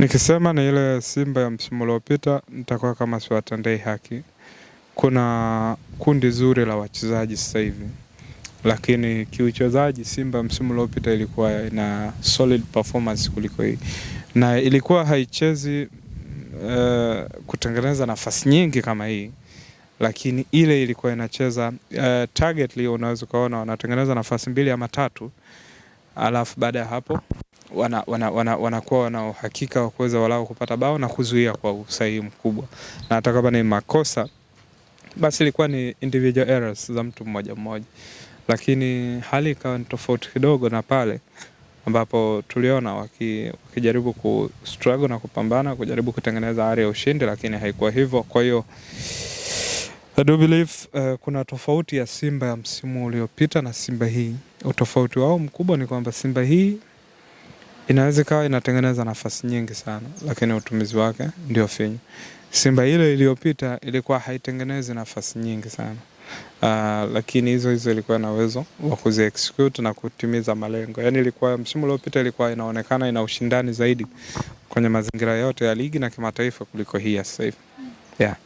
Nikisema ni ile Simba ya msimu uliopita nitakuwa kama siwatendei haki. Kuna kundi zuri la wachezaji sasa hivi, lakini kiuchezaji Simba msimu uliopita ilikuwa ina solid performance kuliko hii, na ilikuwa haichezi uh, kutengeneza nafasi nyingi kama hii, lakini ile ilikuwa inacheza uh, eh, targetly. Unaweza ukaona wanatengeneza nafasi mbili ama tatu, alafu baada ya hapo wanakuwa wana, wana, wana, wana uhakika wa kuweza walau kupata bao na kuzuia kwa usahihi mkubwa, na hata kama ni makosa basi ilikuwa ni individual errors za mtu mmoja mmoja, lakini hali ikawa ni tofauti kidogo na pale ambapo tuliona waki, wakijaribu ku struggle na kupambana kujaribu kutengeneza ari ya ushindi, lakini haikuwa hivyo. Kwa hiyo I do believe uh, kuna tofauti ya Simba ya msimu uliopita na Simba hii. Utofauti wao mkubwa ni kwamba Simba hii inaweza ikawa inatengeneza nafasi nyingi sana, lakini utumizi wake ndio finyu. Simba ile iliyopita ilikuwa haitengenezi nafasi nyingi sana uh, lakini hizo hizo ilikuwa na uwezo wa kuzi execute na kutimiza malengo. Yani ilikuwa msimu uliopita ilikuwa inaonekana ina ushindani zaidi kwenye mazingira yote ya ligi na kimataifa kuliko hii ya sasa hivi yeah.